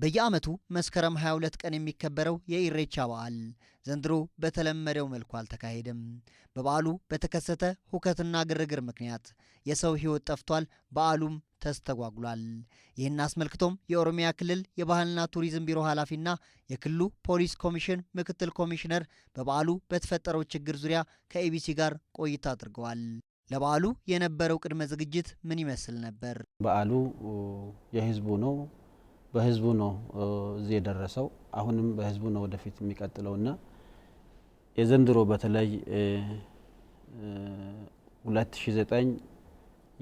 በየዓመቱ መስከረም 22 ቀን የሚከበረው የኢሬቻ በዓል ዘንድሮ በተለመደው መልኩ አልተካሄደም። በበዓሉ በተከሰተ ሁከትና ግርግር ምክንያት የሰው ሕይወት ጠፍቷል። በዓሉም ተስተጓጉሏል። ይህን አስመልክቶም የኦሮሚያ ክልል የባህልና ቱሪዝም ቢሮ ኃላፊና የክልሉ ፖሊስ ኮሚሽን ምክትል ኮሚሽነር በበዓሉ በተፈጠረው ችግር ዙሪያ ከኤቢሲ ጋር ቆይታ አድርገዋል። ለበዓሉ የነበረው ቅድመ ዝግጅት ምን ይመስል ነበር? በዓሉ የህዝቡ ነው በህዝቡ ነው እዚህ የደረሰው። አሁንም በህዝቡ ነው ወደፊት የሚቀጥለውና የዘንድሮ በተለይ 2009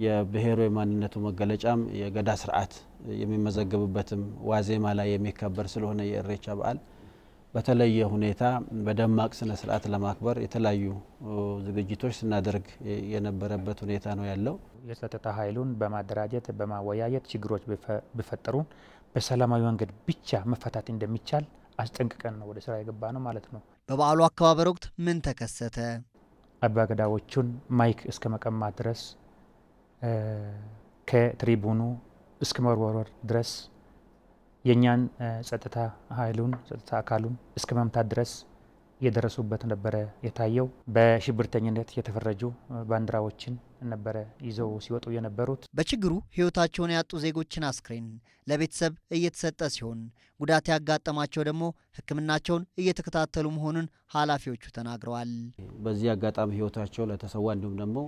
የብሔራዊ ማንነቱ መገለጫም የገዳ ስርዓት የሚመዘገብበትም ዋዜማ ላይ የሚከበር ስለሆነ የእሬቻ በዓል በተለየ ሁኔታ በደማቅ ስነ ስርዓት ለማክበር የተለያዩ ዝግጅቶች ስናደርግ የነበረበት ሁኔታ ነው ያለው። የጸጥታ ኃይሉን በማደራጀት በማወያየት ችግሮች ቢፈጠሩ በሰላማዊ መንገድ ብቻ መፈታት እንደሚቻል አስጠንቅቀን ነው ወደ ስራ የገባ ነው ማለት ነው። በበዓሉ አከባበር ወቅት ምን ተከሰተ? አባገዳዎቹን ማይክ እስከ መቀማት ድረስ ከትሪቡኑ እስከ መወርወር ድረስ የእኛን ጸጥታ ኃይሉን ጸጥታ አካሉን እስከ መምታት ድረስ እየደረሱበት ነበረ የታየው። በሽብርተኝነት የተፈረጁ ባንዲራዎችን ነበረ ይዘው ሲወጡ የነበሩት። በችግሩ ሕይወታቸውን ያጡ ዜጎችን አስክሬን ለቤተሰብ እየተሰጠ ሲሆን ጉዳት ያጋጠማቸው ደግሞ ሕክምናቸውን እየተከታተሉ መሆኑን ኃላፊዎቹ ተናግረዋል። በዚህ አጋጣሚ ሕይወታቸው ለተሰዋ እንዲሁም ደግሞ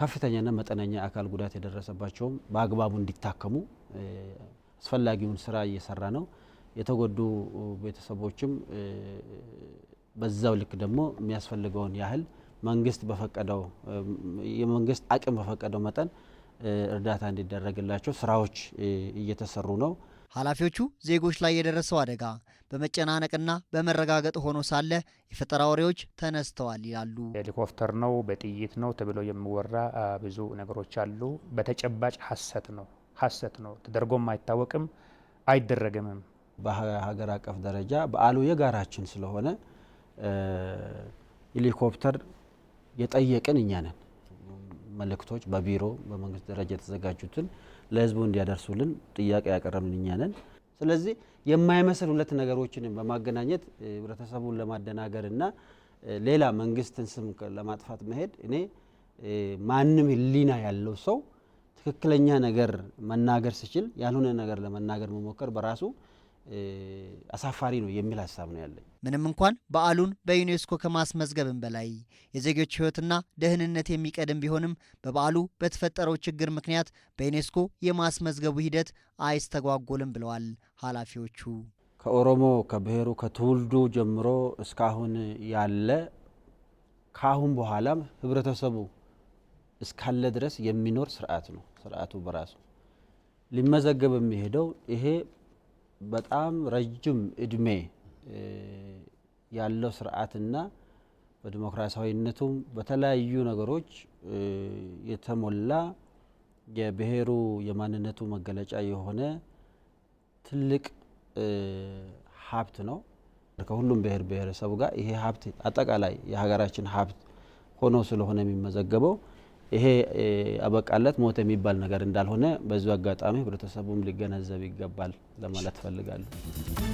ከፍተኛና መጠነኛ አካል ጉዳት የደረሰባቸውም በአግባቡ እንዲታከሙ አስፈላጊውን ስራ እየሰራ ነው። የተጎዱ ቤተሰቦችም በዛው ልክ ደግሞ የሚያስፈልገውን ያህል መንግስት በፈቀደው የመንግስት አቅም በፈቀደው መጠን እርዳታ እንዲደረግላቸው ስራዎች እየተሰሩ ነው። ኃላፊዎቹ ዜጎች ላይ የደረሰው አደጋ በመጨናነቅና በመረጋገጥ ሆኖ ሳለ የፈጠራ ወሬዎች ተነስተዋል ይላሉ። ሄሊኮፕተር ነው በጥይት ነው ተብሎ የሚወራ ብዙ ነገሮች አሉ። በተጨባጭ ሀሰት ነው ሀሰት ነው ተደርጎም አይታወቅም አይደረግምም። በሀገር አቀፍ ደረጃ በዓሉ የጋራችን ስለሆነ ሄሊኮፕተር የጠየቅን እኛ ነን። መልእክቶች በቢሮ በመንግስት ደረጃ የተዘጋጁትን ለህዝቡ እንዲያደርሱልን ጥያቄ ያቀረብን እኛ ነን። ስለዚህ የማይመስል ሁለት ነገሮችን በማገናኘት ህብረተሰቡን ለማደናገር እና ሌላ መንግስትን ስም ለማጥፋት መሄድ እኔ ማንም ህሊና ያለው ሰው ትክክለኛ ነገር መናገር ሲችል ያልሆነ ነገር ለመናገር መሞከር በራሱ አሳፋሪ ነው የሚል ሀሳብ ነው ያለኝ። ምንም እንኳን በዓሉን በዩኔስኮ ከማስመዝገብም በላይ የዜጎች ሕይወትና ደህንነት የሚቀድም ቢሆንም በበዓሉ በተፈጠረው ችግር ምክንያት በዩኔስኮ የማስመዝገቡ ሂደት አይስተጓጎልም ብለዋል ኃላፊዎቹ። ከኦሮሞ ከብሔሩ ከትውልዱ ጀምሮ እስካሁን ያለ ከአሁን በኋላም ህብረተሰቡ እስካለ ድረስ የሚኖር ስርዓት ነው። ስርዓቱ በራሱ ሊመዘገብ የሚሄደው ይሄ በጣም ረጅም እድሜ ያለው ስርዓትና በዲሞክራሲያዊነቱም በተለያዩ ነገሮች የተሞላ የብሔሩ የማንነቱ መገለጫ የሆነ ትልቅ ሀብት ነው። ከሁሉም ብሔር ብሔረሰቡ ጋር ይሄ ሀብት አጠቃላይ የሀገራችን ሀብት ሆኖ ስለሆነ የሚመዘገበው ይሄ አበቃለት ሞት የሚባል ነገር እንዳልሆነ በዚሁ አጋጣሚ ህብረተሰቡም ሊገነዘብ ይገባል ለማለት ፈልጋለሁ።